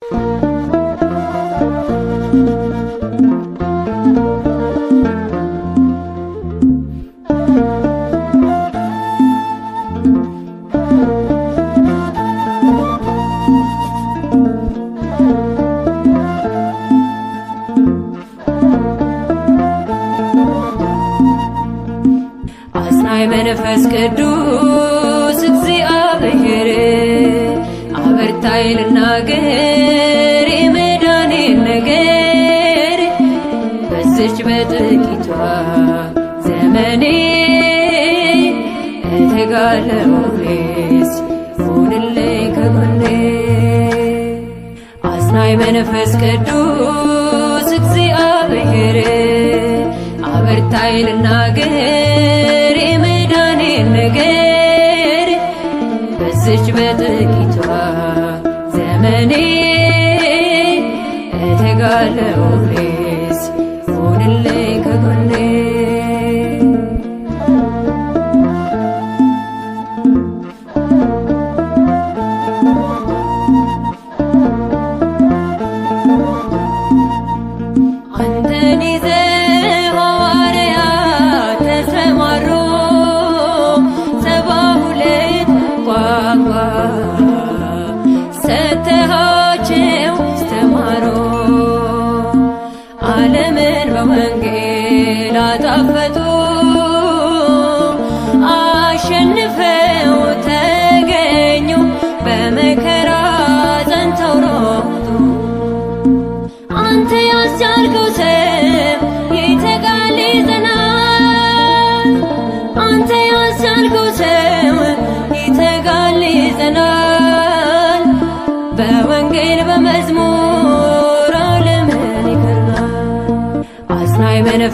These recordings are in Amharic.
አጽናኝ መንፈስ ቅዱስ እግዚአብሔር አበርታይ ዘመኔ እተጋለው ሬስ ሁንልኝ ከጎኔ መንፈስ ቅዱስ እግዚአብሔር አበርታኝ ልናገር የመዳኔን ነገር በዝች በጥቂቷ ዘመኔ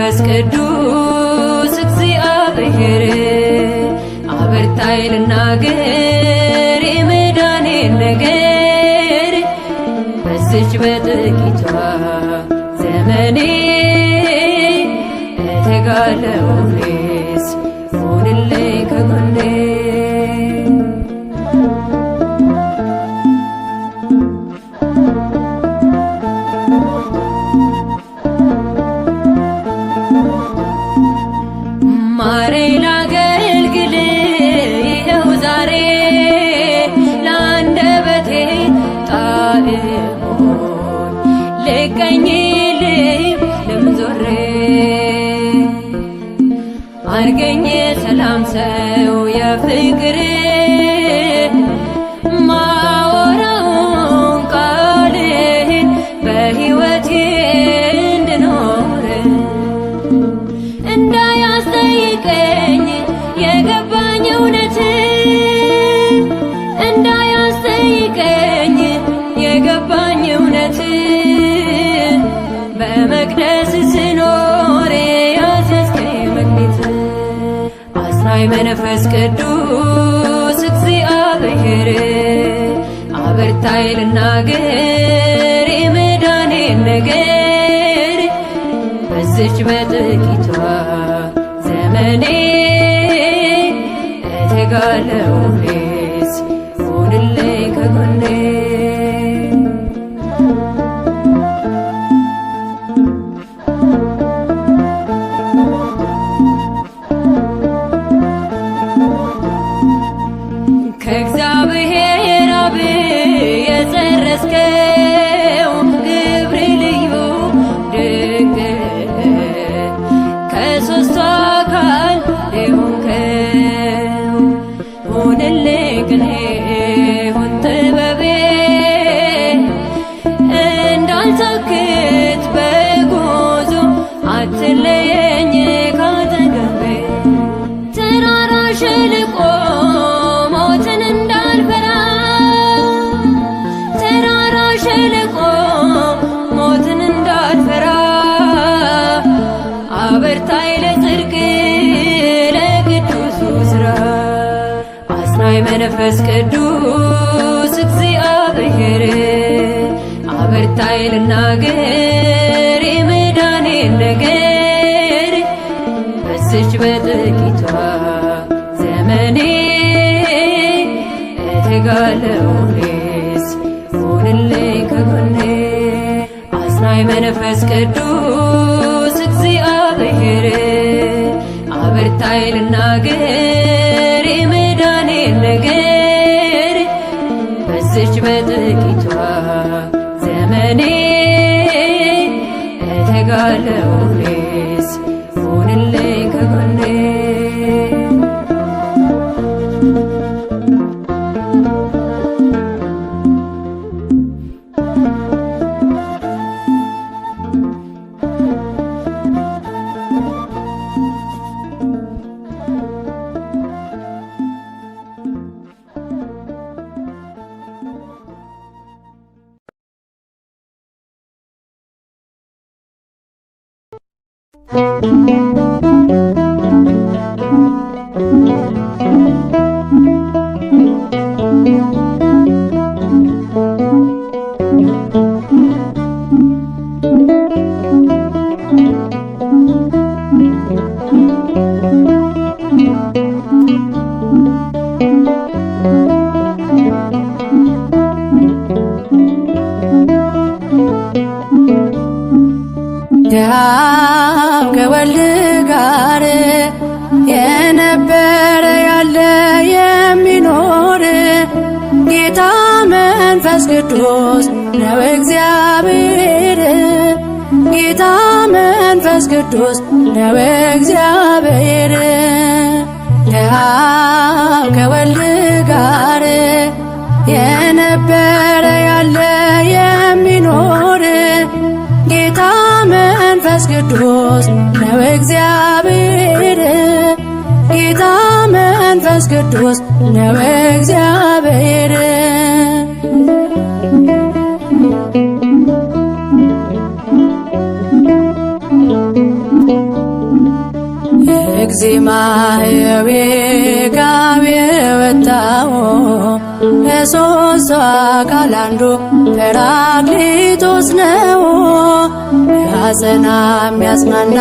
መንፈስ ቅዱስ እግዚአብሔር አበርታይ ልናገር የመዳኔን ነገር በዚች በጥቂቷ ዘመኔ ሆንልኝ እንድኖር እንዳያስጠይቀኝ የገባኝ እውነት እንዳያስጠይቀኝ የገባኝ መንፈስ ቅዱስ እግዚአብሔር አበርታይ ልናገር ሆነች በጥቂቷ ዘመኔ እተጋለው ምልክት በጉዞ አትለየኝ ካጠገቤ ተራራ ሸለቆ ሞትን እንዳልፈራ ተራራ ሸለቆ ሞትን እንዳልፈራ አበርታይ ለጽድቅ ለቅዱሱ ስራ አጽናይ መንፈስ ቅዱስ ጌታዬ ልናገር የመዳኔን ነገር በዝች በጥቂቷ ዘመኔ እተጋለው ሆንልኝ ከጎኔ አጽናኝ መንፈስ ቅዱስ እግዚአብሔር አበርታኝ ልናገር የመዳኔን ነገር በዝች በጥቂቷ ቅዱስ ለበእግዚአብሔር ከአብ ከወልድ ጋር የነበረ ያለ የሚኖር ጌታ መንፈስ ቅዱስ ለበእግዚአብሔር ጌታ መንፈስ ቅዱስ ለበእግዚአብሔር ከዚህ ማህየው ጋቢ የወጣው አካል አንዱ ጰራቅሊጦስ ነው። ያጸና የሚያጽናና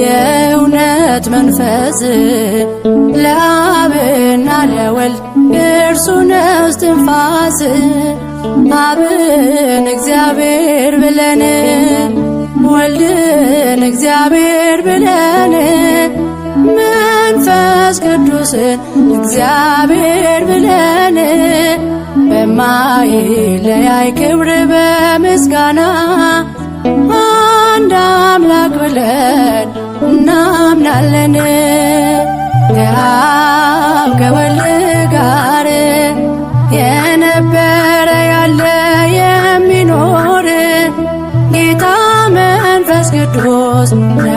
የእውነት መንፈስ ለአብና ለወልድ እርሱ ነው እስትንፋስ አብን እግዚአብሔር ብለን ወልድን እግዚአብሔር ብለን መንፈስ ቅዱስ እግዚአብሔር ብለን በማይለያይ ክብር በምስጋና አንድ አምላክ ብለን እናምናለን። ከአብ ከወልድ ጋር የነበረ ያለ የሚኖር ጌታ መንፈስ ቅዱስ ነው።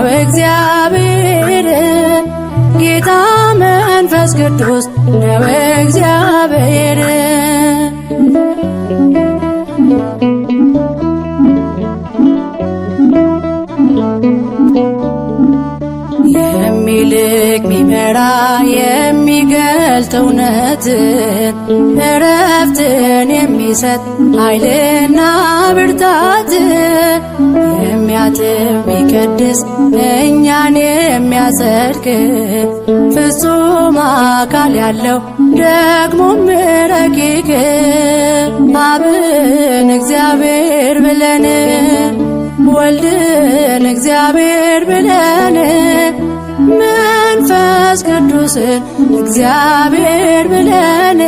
ቅዱስ ነው እግዚአብሔር የሚልክ ሚመራ የሚገልጥ እውነትን እረፍትን የሚሰጥ ኃይልና ብርታት ቅንዓትም ቢቀድስ እኛን የሚያጸድቅ ፍጹም አካል ያለው ደግሞም ረቂቅ አብን እግዚአብሔር ብለን ወልድን እግዚአብሔር ብለን መንፈስ ቅዱስን እግዚአብሔር ብለን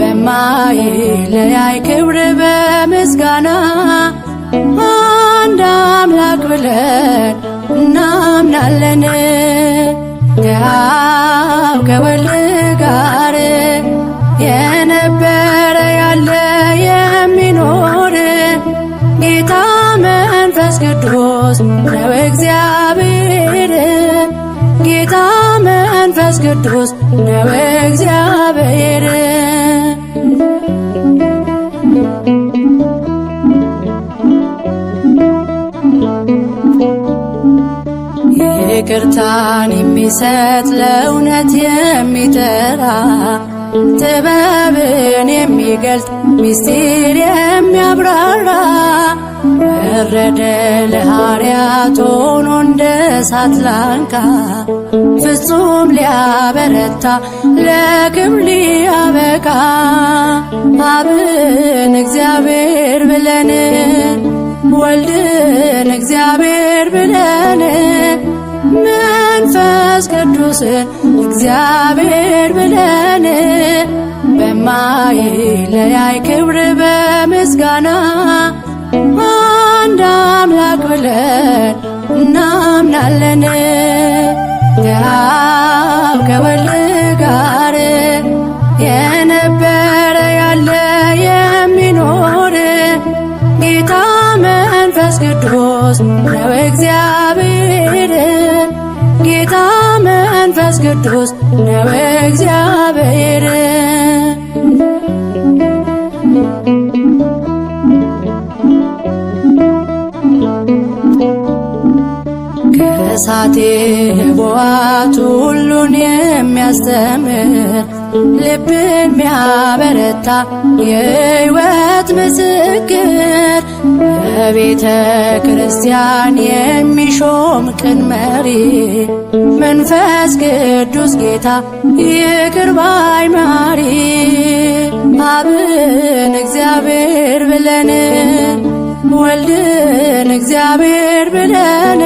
በማይለያይ ክብር በምስጋና አንድ አምላክ ብለን እናምናለን ከአብ ከወልድ ጋር የነበረ ያለ የሚኖር ጌታ መንፈስ ቅዱስ ነው እግዚአብሔር ጌታ መንፈስ ቅዱስ ይቅርታን የሚሰጥ ለእውነት የሚጠራ ጥበብን የሚገልጥ ምስጢር የሚያብራራ ወረደ ለሐዋርያት ሆኖ እንደ እሳት ላንቃ ፍጹም ሊያበረታ ለክብር ሊያበቃ አብን እግዚአብሔር ብለን ወልድን እግዚአብሔር ብለን መንፈስ ቅዱስን እግዚአብሔር ብለን በማይለያይ ክብር በምስጋና አንድ አምላክ ብለን እናምናለን። ቅዱስ ነው እግዚአብሔር ከእሳቴ ቦዋት ሁሉን የሚያስተምር ልብን ሚያበረታ የሕይወት ምስክር በቤተ ክርስቲያን የሚሾም ቅን መሪ መንፈስ ቅዱስ ጌታ ይቅር ባይ ማሪ አብን እግዚአብሔር ብለን ወልድን እግዚአብሔር ብለን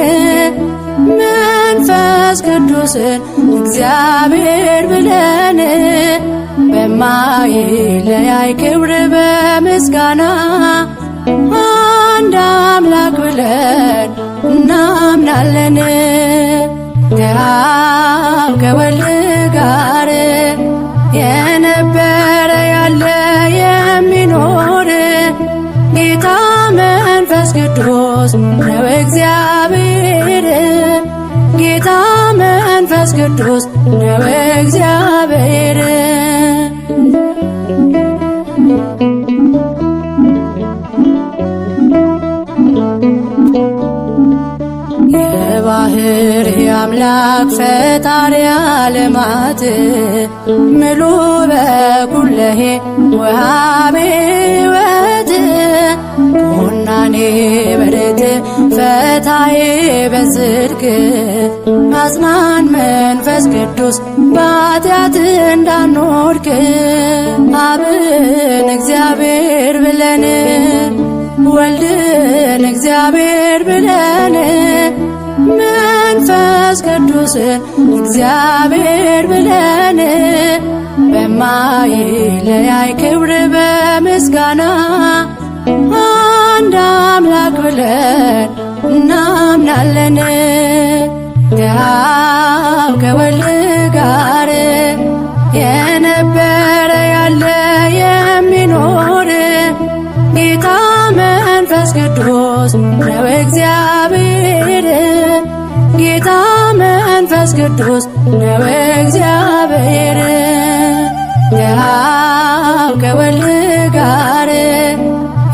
መንፈስ ቅዱስን እግዚአብሔር ብለን በማይለያይ ክብር በምስጋና አንድ አምላክ ብለን እናምናለን ከአብ ከወልድ ጋር የነበረ ያለ የሚኖር ጌታ መንፈስ ቅዱስ ነው እግዚአብሔር ጌታ መንፈስ ቅዱስ ነው እግዚአብሔር ባህር የአምላክ ፈጣሪ ዓለማት ምሉ በኩለሄ ወሃቤ ወት ሆናኔ በረት ፈታዬ በዝድቅ አጽናን መንፈስ ቅዱስ ባትያት እንዳኖርክ አብን እግዚአብሔር ብለን ወልድን እግዚአብሔር ብለን ቅዱስ እግዚአብሔር ብለን በማይለያይ ክብር በምስጋና አንድ አምላክ ብለን እናምናለን ከአብ ከወልድ ጋር የነበረ ያለ የሚኖር ጌታ መንፈስ ቅዱስ ነው እግዚአብሔር ቅዱስ ነው እግዚአብሔር ከወልድ ጋር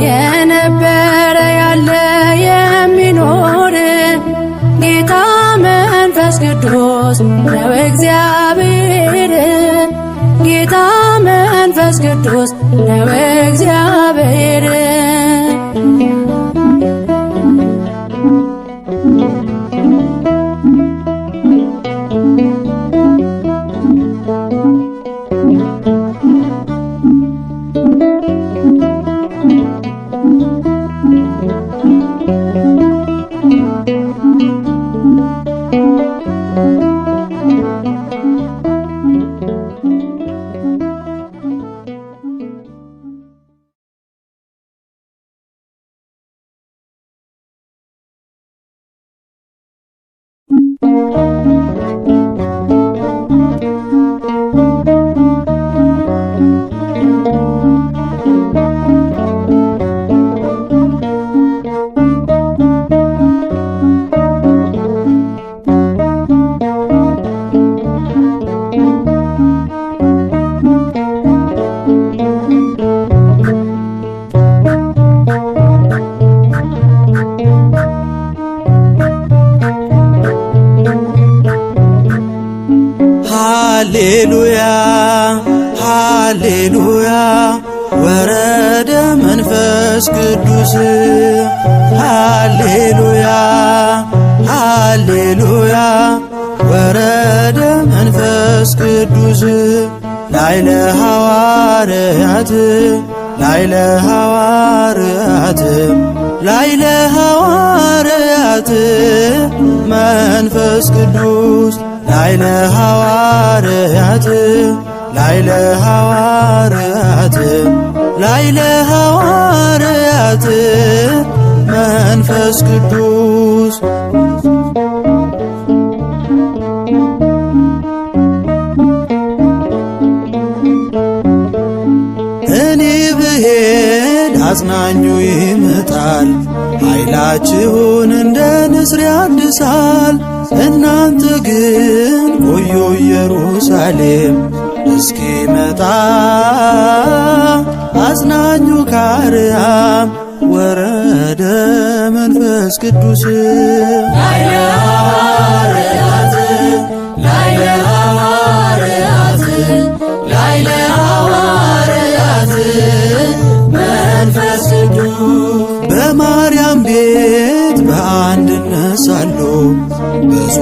የነበረ ያለ የሚኖር ጌታ መንፈስ ቅዱስ ነው እግዚአብሔር ጌታ መንፈስ ቅዱስ ነው እግዚአብሔር ሃሌሉያ ሃሌሉያ ወረደ መንፈስ ቅዱስ ሃሌሉያ ሃሌሉያ ወረደ መንፈስ ቅዱስ ላይለ ሐዋርያት ላይለ ሐዋርያት ላይለ ሐዋርያት መንፈስ ቅዱስ ላይለ ሐዋርያት ላይለ ሐዋርያት ላይለ ሐዋርያት መንፈስ ቅዱስ እኔ ብሄድ አጽናኙ ይመጣል ኃይላችሁን እንደ ንስር ያድሳል። ግን ቆዩ ኢየሩሳሌም እስኪመጣ አጽናኙ ካርያም ወረደ መንፈስ ቅዱስ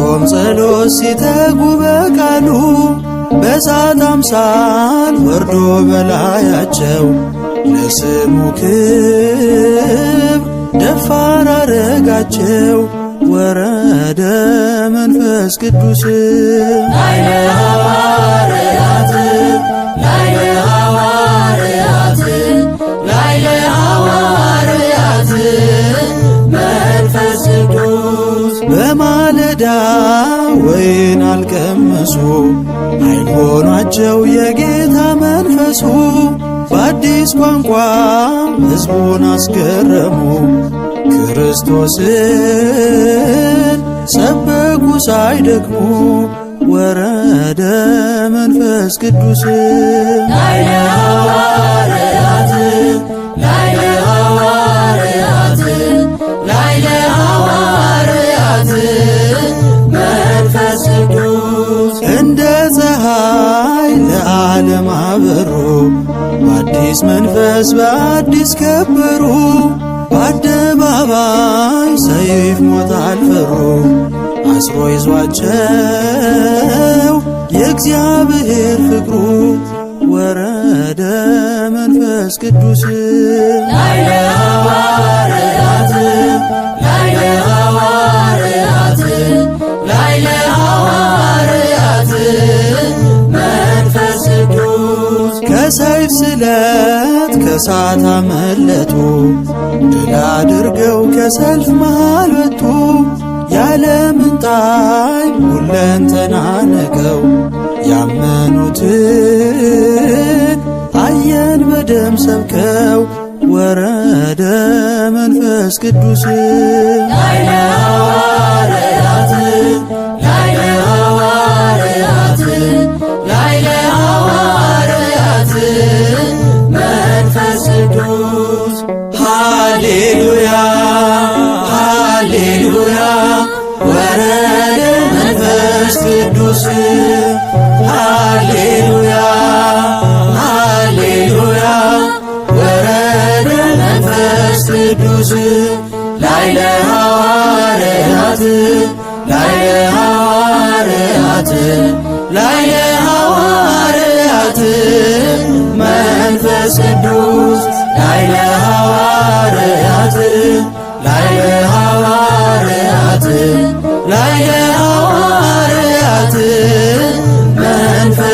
ጾም ጸሎ ሲተጉ በቃሉ በእሳት አምሳል ወርዶ በላያቸው ለስሙ ክብ ደፋር አረጋቸው። ወረደ መንፈስ ቅዱስ ወይን አልቀመሱ አይን ሆኗቸው የጌታ መንፈሱ በአዲስ ቋንቋ ሕዝቡን አስገረሙ። ክርስቶስን ሰበኩ ሳይደክሙ ወረደ መንፈስ ቅዱስ ላይ ደም አበሩ በአዲስ መንፈስ በአዲስ ከበሩ በአደባባይ ሰይፍ ሞት አልፈሩ አስሮ ይዟቸው የእግዚአብሔር ፍቅሩ ወረደ መንፈስ ቅዱስ በሰይፍ ስለት ከሳት አመለጡ ድል አድርገው ከሰልፍ መሃል ወጡ። ያለ ጣይ ሁለን ተናነቀው ያመኑትን አየን በደም ሰብከው ወረደ መንፈስ ቅዱስ What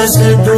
fazedor.